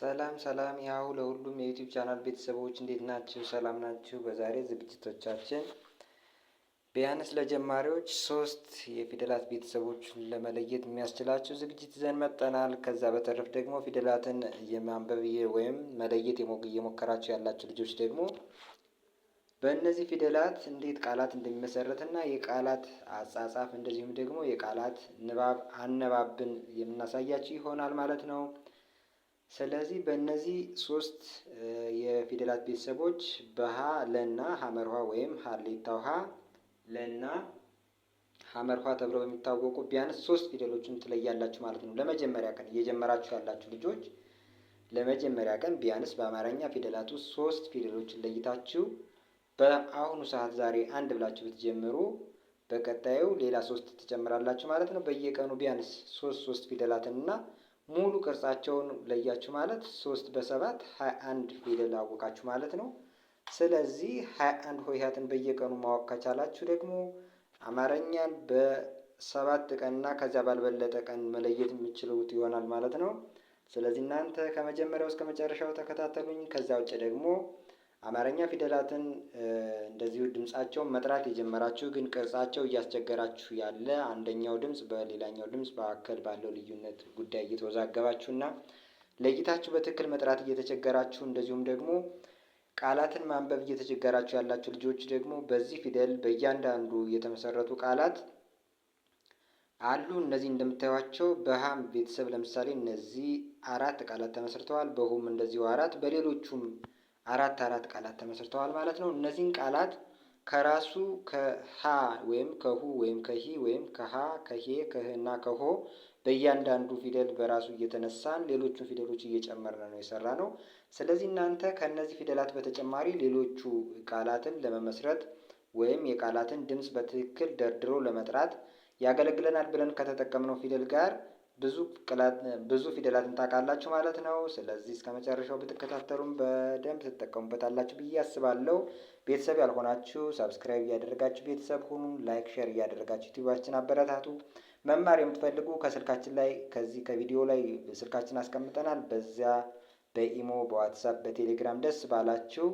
ሰላም ሰላም ያው ለሁሉም የዩቲዩብ ቻናል ቤተሰቦች እንዴት ናችሁ? ሰላም ናችሁ? በዛሬ ዝግጅቶቻችን ቢያንስ ለጀማሪዎች ሶስት የፊደላት ቤተሰቦችን ለመለየት የሚያስችላቸው ዝግጅት ይዘን መጠናል። ከዛ በተረፍ ደግሞ ፊደላትን የማንበብ ወይም መለየት እየሞከራችሁ ያላችሁ ልጆች ደግሞ በእነዚህ ፊደላት እንዴት ቃላት እና የቃላት አጻጻፍ እንደዚሁም ደግሞ የቃላት ንባብ አነባብን የምናሳያችሁ ይሆናል ማለት ነው። ስለዚህ በእነዚህ ሶስት የፊደላት ቤተሰቦች በሀ ለና ሀመርኋ ወይም ሀሌታ ውሃ ለና ሀመርኋ ተብለው በሚታወቁ ቢያንስ ሶስት ፊደሎችን ትለያላችሁ ማለት ነው። ለመጀመሪያ ቀን እየጀመራችሁ ያላችሁ ልጆች ለመጀመሪያ ቀን ቢያንስ በአማርኛ ፊደላት ውስጥ ሶስት ፊደሎችን ለይታችሁ በአሁኑ ሰዓት ዛሬ አንድ ብላችሁ ብትጀምሩ በቀጣዩ ሌላ ሶስት ትጨምራላችሁ ማለት ነው። በየቀኑ ቢያንስ ሶስት ሶስት ፊደላትን እና ሙሉ ቅርጻቸውን ለያችሁ ማለት ሶስት በሰባት ሀያ አንድ ፊደል አወቃችሁ ማለት ነው። ስለዚህ ሀያ አንድ ሆሄያትን በየቀኑ ማወቅ ከቻላችሁ ደግሞ አማርኛን በሰባት ቀን እና ከዚያ ባልበለጠ ቀን መለየት የምችሉት ይሆናል ማለት ነው። ስለዚህ እናንተ ከመጀመሪያው እስከ መጨረሻው ተከታተሉኝ። ከዛ ውጭ ደግሞ አማርኛ ፊደላትን እንደዚሁ ድምፃቸውን መጥራት የጀመራችሁ ግን ቅርጻቸው እያስቸገራችሁ ያለ አንደኛው ድምፅ በሌላኛው ድምፅ መካከል ባለው ልዩነት ጉዳይ እየተወዛገባችሁና ለይታችሁ በትክክል መጥራት እየተቸገራችሁ እንደዚሁም ደግሞ ቃላትን ማንበብ እየተቸገራችሁ ያላችሁ ልጆች ደግሞ በዚህ ፊደል በእያንዳንዱ የተመሰረቱ ቃላት አሉ። እነዚህ እንደምታዩቸው በሀም ቤተሰብ ለምሳሌ እነዚህ አራት ቃላት ተመስርተዋል። በሁም እንደዚሁ አራት በሌሎቹም አራት አራት ቃላት ተመስርተዋል ማለት ነው። እነዚህን ቃላት ከራሱ ከሀ ወይም ከሁ ወይም ከሂ ወይም ከሀ ከሄ ከህ እና ከሆ በእያንዳንዱ ፊደል በራሱ እየተነሳን ሌሎቹን ፊደሎች እየጨመርን ነው የሰራ ነው። ስለዚህ እናንተ ከእነዚህ ፊደላት በተጨማሪ ሌሎቹ ቃላትን ለመመስረት ወይም የቃላትን ድምፅ በትክክል ደርድሮ ለመጥራት ያገለግለናል ብለን ከተጠቀምነው ፊደል ጋር ብዙ ቅላት ብዙ ፊደላትን ታውቃላችሁ ማለት ነው። ስለዚህ እስከ መጨረሻው ብትከታተሉም በደንብ ትጠቀሙበታላችሁ ብዬ አስባለሁ። ቤተሰብ ያልሆናችሁ ሰብስክራይብ እያደረጋችሁ ቤተሰብ ሁኑ። ላይክ፣ ሼር እያደረጋችሁ ዩቲዩባችን አበረታቱ። መማር የምትፈልጉ ከስልካችን ላይ ከዚህ ከቪዲዮ ላይ ስልካችን አስቀምጠናል። በዚያ በኢሞ በዋትሳፕ በቴሌግራም ደስ ባላችሁ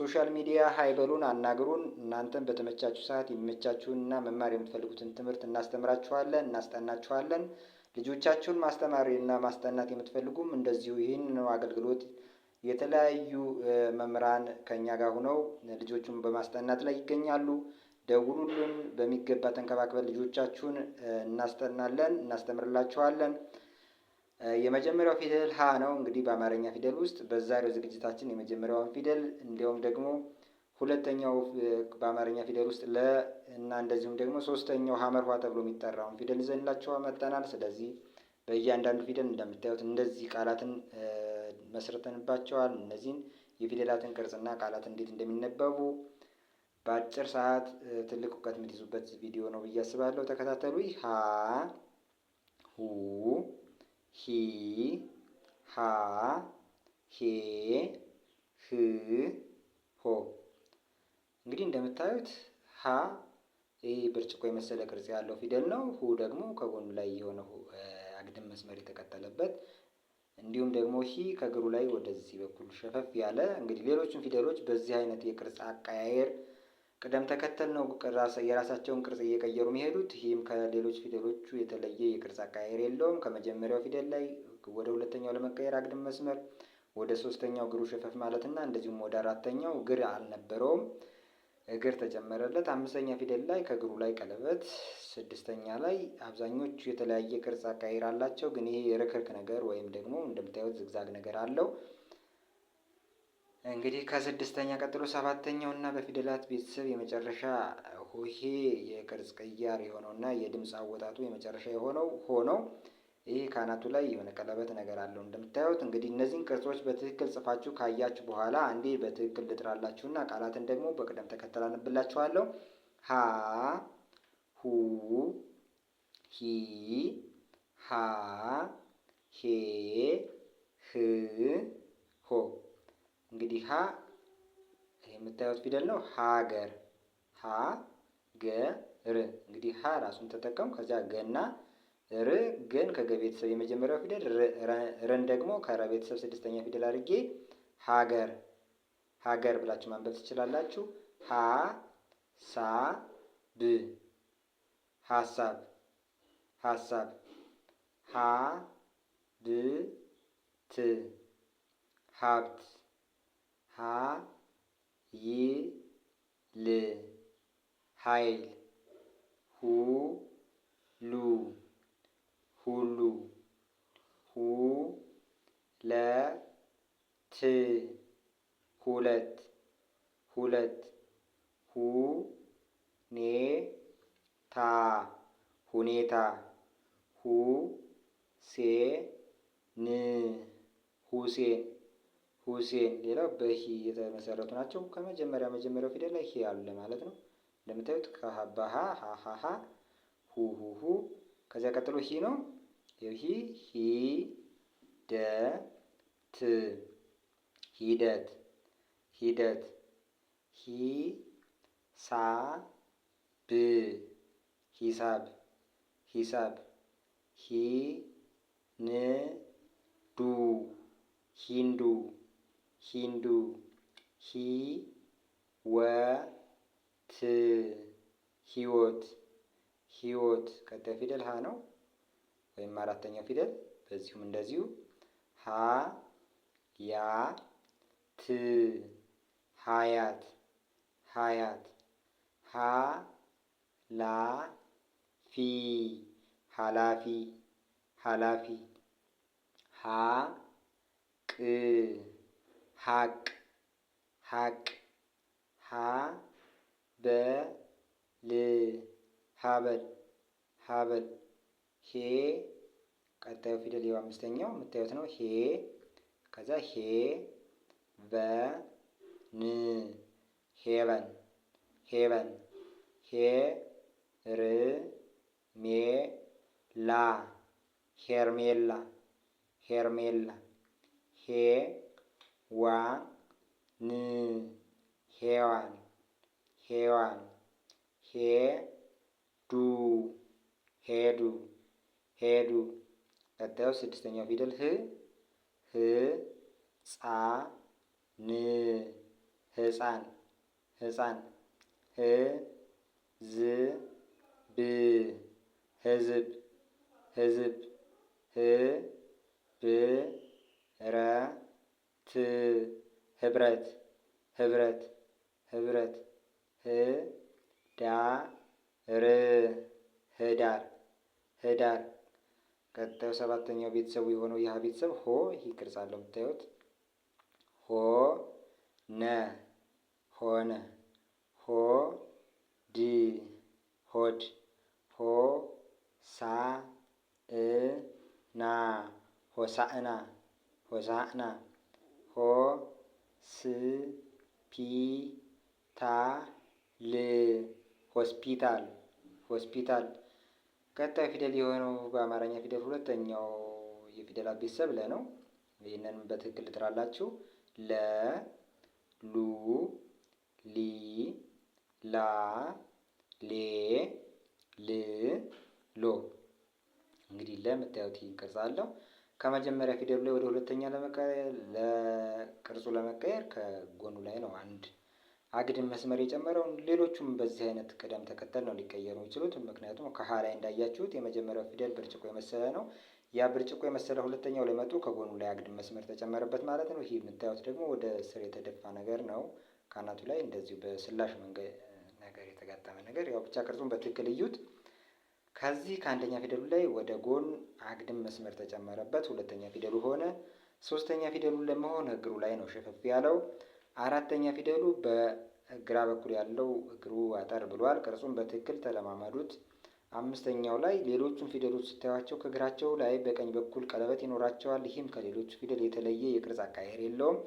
ሶሻል ሚዲያ ሀይበሉን አናግሩን። እናንተን በተመቻችሁ ሰዓት የሚመቻችሁንና መማር የምትፈልጉትን ትምህርት እናስተምራችኋለን፣ እናስጠናችኋለን። ልጆቻችሁን ማስተማር እና ማስጠናት የምትፈልጉም እንደዚሁ ይህን አገልግሎት የተለያዩ መምህራን ከእኛ ጋር ሆነው ልጆቹን በማስጠናት ላይ ይገኛሉ። ደውሉልን። በሚገባ ተንከባክበን ልጆቻችሁን እናስጠናለን፣ እናስተምርላችኋለን። የመጀመሪያው ፊደል ሀ ነው። እንግዲህ በአማርኛ ፊደል ውስጥ በዛሬው ዝግጅታችን የመጀመሪያውን ፊደል እንዲሁም ደግሞ ሁለተኛው በአማርኛ ፊደል ውስጥ ለ እና እንደዚሁም ደግሞ ሶስተኛው ሀመር ተብሎ የሚጠራውን ፊደል ይዘንላቸው መጠናል። ስለዚህ በእያንዳንዱ ፊደል እንደምታዩት እንደዚህ ቃላትን መስርተንባቸዋል። እነዚህን የፊደላትን ቅርጽና ቃላት እንዴት እንደሚነበቡ በአጭር ሰዓት ትልቅ እውቀት የምትይዙበት ቪዲዮ ነው ብዬ አስባለሁ። ተከታተሉ። ሀ ሁ ሂ ሀ ሄ ህ ሆ እንግዲህ እንደምታዩት ሀ ይህ ብርጭቆ የመሰለ ቅርጽ ያለው ፊደል ነው። ሁ ደግሞ ከጎኑ ላይ የሆነ አግድም መስመር የተቀጠለበት እንዲሁም ደግሞ ሂ ከእግሩ ላይ ወደዚህ በኩል ሸፈፍ ያለ እንግዲህ ሌሎችን ፊደሎች በዚህ አይነት የቅርጽ አቀያየር ቅደም ተከተል ነው የራሳቸውን ቅርጽ እየቀየሩ የሚሄዱት። ይህም ከሌሎች ፊደሎቹ የተለየ የቅርጽ አቀያየር የለውም። ከመጀመሪያው ፊደል ላይ ወደ ሁለተኛው ለመቀየር አግድም መስመር፣ ወደ ሶስተኛው እግሩ ሸፈፍ ማለትና እንደዚሁም ወደ አራተኛው እግር አልነበረውም። እግር ተጨመረለት። አምስተኛ ፊደል ላይ ከእግሩ ላይ ቀለበት። ስድስተኛ ላይ አብዛኞቹ የተለያየ ቅርጽ አካሄድ አላቸው፣ ግን ይሄ የርክርክ ነገር ወይም ደግሞ እንደምታዩት ዝግዛግ ነገር አለው። እንግዲህ ከስድስተኛ ቀጥሎ ሰባተኛው እና በፊደላት ቤተሰብ የመጨረሻ ሆሄ የቅርጽ ቅያር የሆነው እና የድምፅ አወጣጡ የመጨረሻ የሆነው ሆነው ይህ ካናቱ ላይ የሆነ ቀለበት ነገር አለው እንደምታዩት። እንግዲህ እነዚህን ቅርጾች በትክክል ጽፋችሁ ካያችሁ በኋላ አንዴ በትክክል እና ቃላትን ደግሞ በቅደም ተከተል አነብላችኋለሁ። ሀ ሁ ሂ ሀ ሄ ህ ሆ። እንግዲህ ሀ የምታዩት ፊደል ነው። ሀገር ሀ ገ ር እንግዲህ ሀ ራሱን ተጠቀሙ። ከዚያ ገና ር ግን ከገ ቤተሰብ የመጀመሪያው ፊደል ረን ደግሞ ከረ ቤተሰብ ስድስተኛ ፊደል አድርጌ ሀገር ሀገር ብላችሁ ማንበብ ትችላላችሁ። ሀ ሳ ብ ሀሳብ ሀሳብ ሀ ብ ት ሀብት ሀ ይ ል ሀይል ሁ ሉ ት ሁለት ሁለት ሁ ኔ ታ ሁኔታ ሁ ሴ ን ሁሴን ሁሴን ሌላው በሂ የተመሰረቱ ናቸው። ከመጀመሪያ መጀመሪያው ፊደል ላይ ሂ አለ ማለት ነው። እንደምታዩት ከሀባሀ ሀሀሀ ሁ ሁ ሁ ከዚያ ቀጥሎ ሂ ነው። ይህ ሂ ደ ት ሂደት ሂደት ሂ ሳ ብ ሂሳብ ሂሳብ ሂ ን ዱ ሂንዱ ሂንዱ ሂ ወ ት ህይወት ህይወት ቀጣይ ፊደል ሀ ነው ወይም አራተኛው ፊደል በዚሁም እንደዚሁ ሀ ያ ት ሀያት ሀያት ሀ ላ ፊ ሀላፊ ሀላፊ ሀ ቅ ሀቅ ሀቅ ሀ በ ል ሀበል ሀበል ሄ ቀጣዩ ፊደል የው አምስተኛው የምታዩት ነው። ሄ ከዛ ሄ በን ሄቨን ሄቨን ሄርሜላ ሄርሜላ ሄ ሄርሜላ ሄዋን ሄዋን ሄዋን ሄዱ ሄዱ ሄዱ ቀጣዩ ስድስተኛው ፊደል ህ ህጻ ን ህፃን ህፃን ህ ዝ ብ ህዝብ ህዝብ ህ ብ ረ ት ህብረት ህብረት ህብረት ህ ዳ ር ህዳር ህዳር ቀጣዩ ሰባተኛው ቤተሰቡ የሆነው የሀ ቤተሰብ ሆ ይህ ቅርጽ አለው የምታዩት ሆ ነ ሆነ ሆ ድ ሆድ ሆ ሳ እ ና ሆሳእና ሆሳእና ሆ ስ ፒ ታ ል ሆስፒታል ሆስፒታል ቀጣይ ፊደል የሆነው በአማርኛ ፊደል ሁለተኛው የፊደላት ቤተሰብ ለ ነው። ይህንን በትክክል ትጥራላችሁ። ለ ሉ ሊ ላ ሌ ል ሎ እንግዲህ ለ ይህን ቅርጽ አለው። ከመጀመሪያ ፊደሉ ላይ ወደ ሁለተኛ ለቅርጹ ለመቀየር ከጎኑ ላይ ነው አንድ አግድም መስመር የጨመረውን። ሌሎቹም በዚህ አይነት ቅደም ተከተል ነው ሊቀየሩ የሚችሉት። ምክንያቱም ከሀ ላይ እንዳያችሁት የመጀመሪያው ፊደል ብርጭቆ የመሰለ ነው። ያ ብርጭቆ የመሰለ ሁለተኛው ላይ መጡ። ከጎኑ ላይ አግድም መስመር ተጨመረበት ማለት ነው። ይህ የምታዩት ደግሞ ወደ ስር የተደፋ ነገር ነው። ካናቱ ላይ እንደዚሁ በስላሽ መንገድ ነገር የተጋጠመ ነገር ያው ብቻ ቅርጹን በትክክል እዩት። ከዚህ ከአንደኛ ፊደሉ ላይ ወደ ጎን አግድም መስመር ተጨመረበት። ሁለተኛ ፊደሉ ሆነ። ሶስተኛ ፊደሉ ለመሆን እግሩ ላይ ነው ሸፈፍ ያለው። አራተኛ ፊደሉ በግራ በኩል ያለው እግሩ አጠር ብሏል። ቅርጹን በትክክል ተለማመዱት። አምስተኛው ላይ ሌሎቹን ፊደሎች ስታዩቸው ከእግራቸው ላይ በቀኝ በኩል ቀለበት ይኖራቸዋል። ይህም ከሌሎቹ ፊደል የተለየ የቅርጽ አካሄድ የለውም።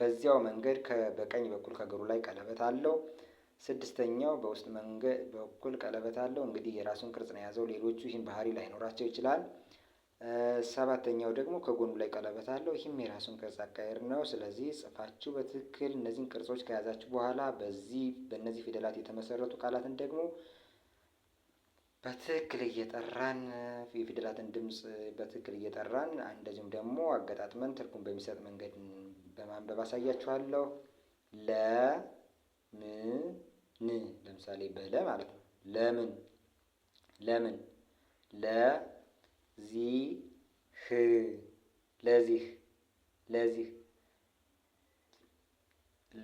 በዚያው መንገድ በቀኝ በኩል ከእግሩ ላይ ቀለበት አለው። ስድስተኛው በውስጥ መንገድ በኩል ቀለበት አለው። እንግዲህ የራሱን ቅርጽ ነው የያዘው። ሌሎቹ ይህን ባህሪ ላይኖራቸው ይችላል። ሰባተኛው ደግሞ ከጎኑ ላይ ቀለበት አለው። ይህም የራሱን ቅርጽ አካሄድ ነው። ስለዚህ ጽፋችሁ በትክክል እነዚህን ቅርጾች ከያዛችሁ በኋላ በዚህ በእነዚህ ፊደላት የተመሰረቱ ቃላትን ደግሞ በትክክል እየጠራን የፊደላትን ድምፅ በትክክል እየጠራን እንደዚሁም ደግሞ አገጣጥመን ትርጉም በሚሰጥ መንገድ በማንበብ አሳያችኋለሁ። ለ ም ን ለምሳሌ በለ ማለት ነው። ለምን ለምን ለ ዚ ህ ለዚህ ለዚህ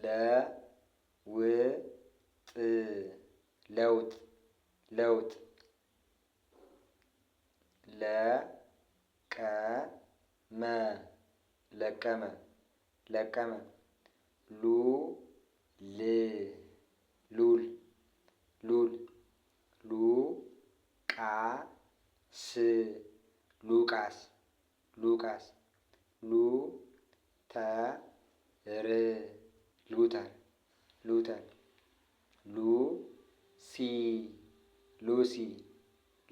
ለ ው ጥ ለውጥ ለውጥ ለቀመ ለቀመ ለቀመ ሉ ል ሉል ሉል ሉ ቃ ስ ሉቃስ ሉቃስ ሉ ተ ር ሉተር ሉተር ሉ ሲ ሉሲ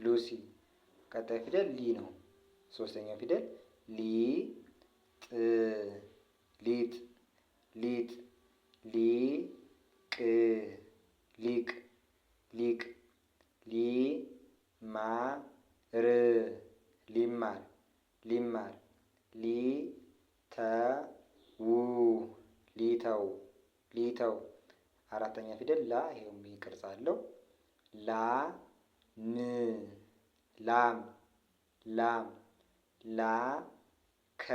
ሉሲ ቀጣይ ፊደል ሊ ነው። ሶስተኛው ፊደል ሊ ጥ ሊጥ ሊጥ ሊ ቅ ሊቅ ሊቅ ሊ ማ ር ሊማር ሊማር ሊ ተ ው ሊተው ሊተው አራተኛ ፊደል ላ ይሄው ይህ ቅርጽ አለው ላ ን ላም ላም ላ ከ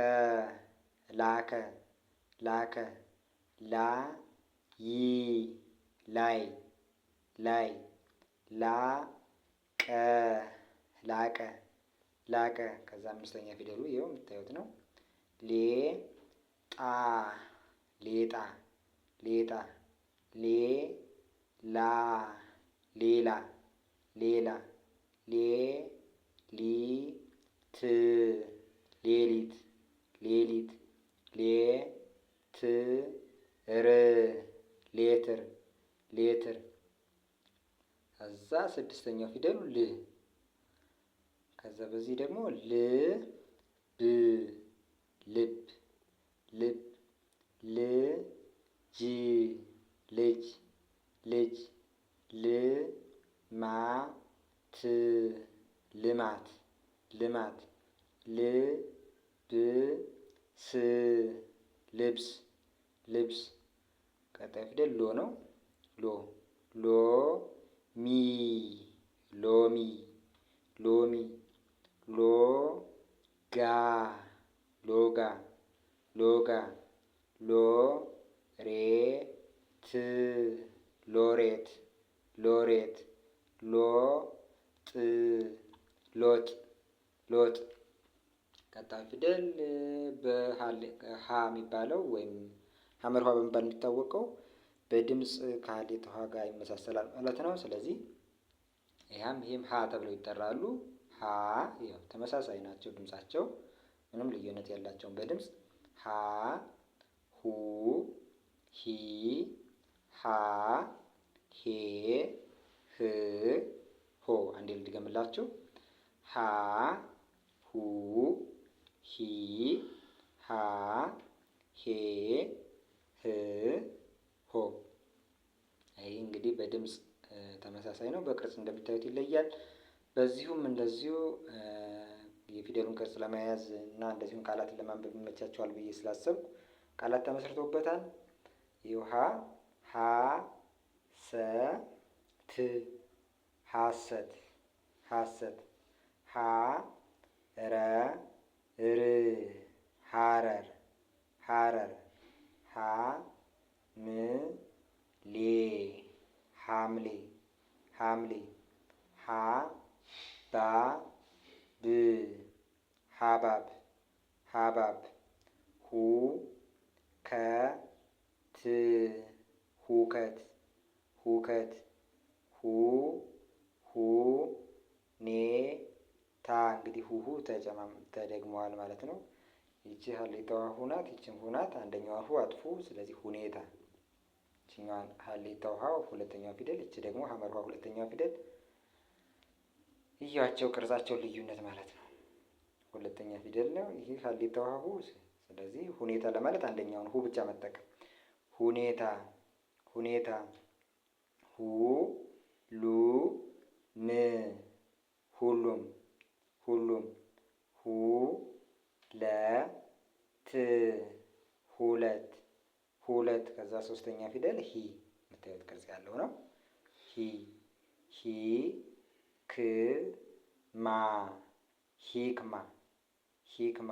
ላከ ላከ ላ ይ ላይ ላይ ላ ቀ ላቀ ላቀ ከዛ አምስተኛ ፊደሉ ይኸው የምታዩት ነው። ሌ ጣ ሌጣ ሌጣ ሌ ላ ሌላ ሌላ ሌ ሊ ት ሌሊት ሌሊት ሌ ት ር ሌትር ሌትር ከዛ ስድስተኛው ፊደሉ ል ከዛ በዚህ ደግሞ ል ብ ልብ ልብ ል ጅ ልጅ ልጅ ል ማ ት ልማት ልማት ልብስ ልብስ ልብስ ቀጣይ ፊደል ሎ ነው ሎ ድምፅ ከሀሌት ውሃ ጋር ይመሳሰላል ማለት ነው። ስለዚህ ያም ይህም ሀ ተብለው ይጠራሉ። ሀ ያው ተመሳሳይ ናቸው ድምፃቸው ምንም ልዩነት ያላቸውን በድምፅ ሀ ሁ ሂ ሀ ሄ ህ ሆ። አንዴ ልድገምላችሁ። ሀ ሁ ሂ ሀ ሄ ህ ሆ ይሄ እንግዲህ በድምፅ ተመሳሳይ ነው፣ በቅርጽ እንደምታዩት ይለያል። በዚሁም እንደዚሁ የፊደሉን ቅርጽ ለመያዝ እና እንደዚሁም ቃላትን ለማንበብ ይመቻቸዋል ብዬ ስላሰብኩ ቃላት ተመስርቶበታል። ይውሃ ሀ ሰ ት ሀሰት ሀሰት ሀ ረ ር ሀረር ሀረር ሀ ም ሌ ሐምሌ ሐምሌ ሀ ባ ብ ሀባብ ሀባብ ሁ ከ ት ሁከት ሁከት ሁ ሁ ኔ ታ እንግዲህ ሁሁ ተጨማም ተደግመዋል ማለት ነው። ይቺ ሀሌታዋ ሁናት ይቺም ሁናት አንደኛዋ ሁ አጥፉ። ስለዚህ ሁኔታ እችኛዋን ሀሌታ ውሃ ሁለተኛ ፊደል እች ደግሞ ሀመር ሁለተኛ ፊደል እያቸው ቅርጻቸው ልዩነት ማለት ነው። ሁለተኛ ፊደል ነው ይህ ሀሌታ ውሃ ሁ። ስለዚህ ሁኔታ ለማለት አንደኛውን ሁ ብቻ መጠቀም ሁኔታ ሁኔታ ሁ ሉ ን ሁሉም ሁሉም ሁ ለ ከዛ ሶስተኛ ፊደል ሂ የምታዩት ቅርጽ ያለው ነው። ሂ ሂ ክ ማ ሂክማ ሂክማ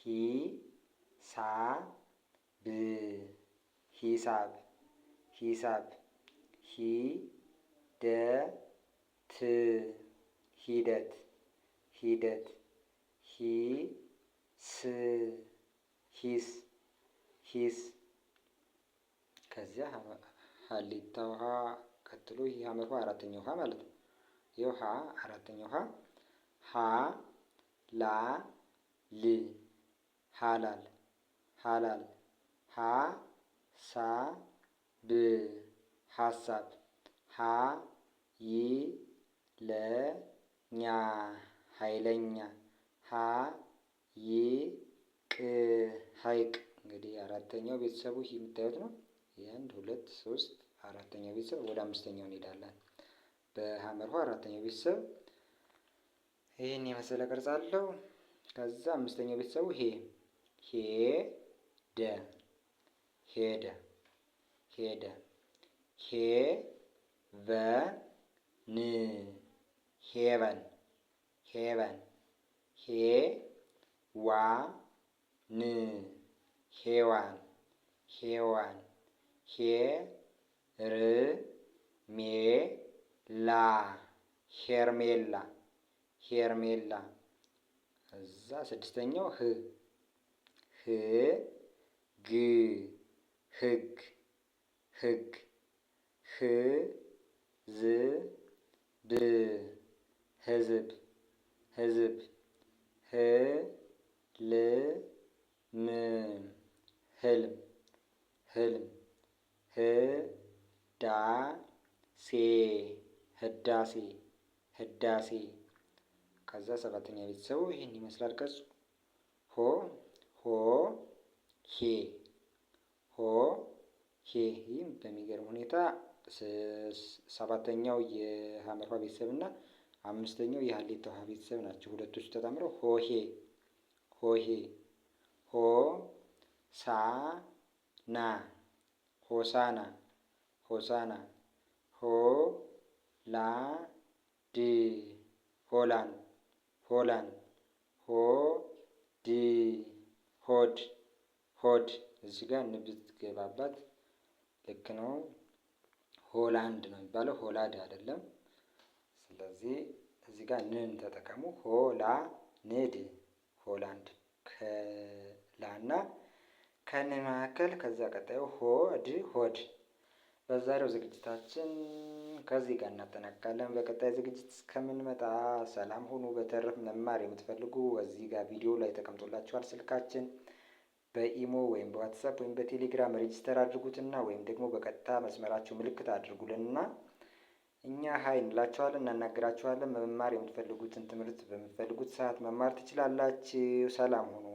ሂ ሳ ብ ሂሳብ ሂሳብ ሂ ደ ት ሂደት ሂደት ሂ ስ ሂስ ሂስ ከዚያ ሀሌታ ውሃ ቀጥሎ ይህ ሀመር ውሃ አራተኛ ውሃ ማለት ነው። ይኸው ሀ አራተኛ ውሃ ሀ ላ ል ሀላል ሀላል ሀ ሳ ብ ሀሳብ ሀ ይ ለ ኛ ሀይለኛ ሀ ይ ቅ ሀይቅ እንግዲህ አራተኛው ቤተሰቡ ይህ የምታዩት ነው። የአንድ ሁለት ሶስት አራተኛው ቤተሰብ ወደ አምስተኛው እንሄዳለን። በሀመርሆ አራተኛው ቤተሰብ ይህን የመሰለ ቅርጽ አለው። ከዛ አምስተኛው ቤተሰቡ ሄ ሄደ ሄደ ሄደ ሄ በ ን ሄበን ሄበን ሄ ዋ ን ሄዋን ሄዋን ሄ ር ሜ ላ ሄርሜላ ሄርሜላ። እዛ ስድስተኛው ህ ህ ግ ህግ ህግ ህ ዝ ብ ህዝብ ህዝብ ህ ል ም ህልም ህልም ህዳሴ ህዳሴ ህዳሴ ከዛ ሰባተኛ ቤተሰቡ ይህን ይመስላል ቅርጹ። ሆ ሆ ሄ ሆ ሄ ይህም በሚገርም ሁኔታ ሰባተኛው የሀመርኋ ቤተሰብ እና አምስተኛው የሀሌታ ውሃ ቤተሰብ ናቸው። ሁለቶቹ ተጣምረው ሆሄ ሆሄ ሆ ሳ ና ሆሳና ሆሳና ሆ ላ ድ ሆላን ሆላን ሆ ድ ሆድ ሆድ እዚህ ጋር ንብት ትገባባት ልክ ነው። ሆላንድ ነው የሚባለው ሆላድ አይደለም። ስለዚህ እዚህ ጋር ንን ተጠቀሙ። ሆላ ንድ ሆላንድ ከላና ከእኔ መካከል ከዛ ቀጣዩ ሆድ ሆድ። በዛሬው ዝግጅታችን ከዚህ ጋር እናጠናቅቃለን። በቀጣይ ዝግጅት እስከምንመጣ ሰላም ሁኑ። በተረፍ መማር የምትፈልጉ እዚህ ጋር ቪዲዮ ላይ ተቀምጦላችኋል ስልካችን በኢሞ ወይም በዋትሳፕ ወይም በቴሌግራም ሬጅስተር አድርጉትና ወይም ደግሞ በቀጥታ መስመራችሁ ምልክት አድርጉልንና እኛ ሀይ እንላችኋለን፣ እናናገራችኋለን። መማር የምትፈልጉትን ትምህርት በምትፈልጉት ሰዓት መማር ትችላላችሁ። ሰላም ሁኑ።